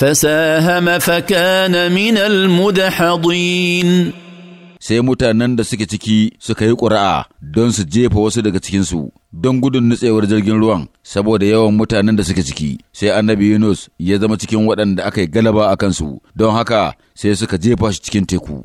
فساهم فكان من المدحضين sai mutanen da suke ciki suka yi ƙura'a don su jefa wasu daga cikinsu don gudun nutsewar jirgin ruwan saboda yawan mutanen da suke ciki sai annabi yunus ya zama cikin waɗanda aka yi galaba a kansu don haka sai suka jefa shi cikin teku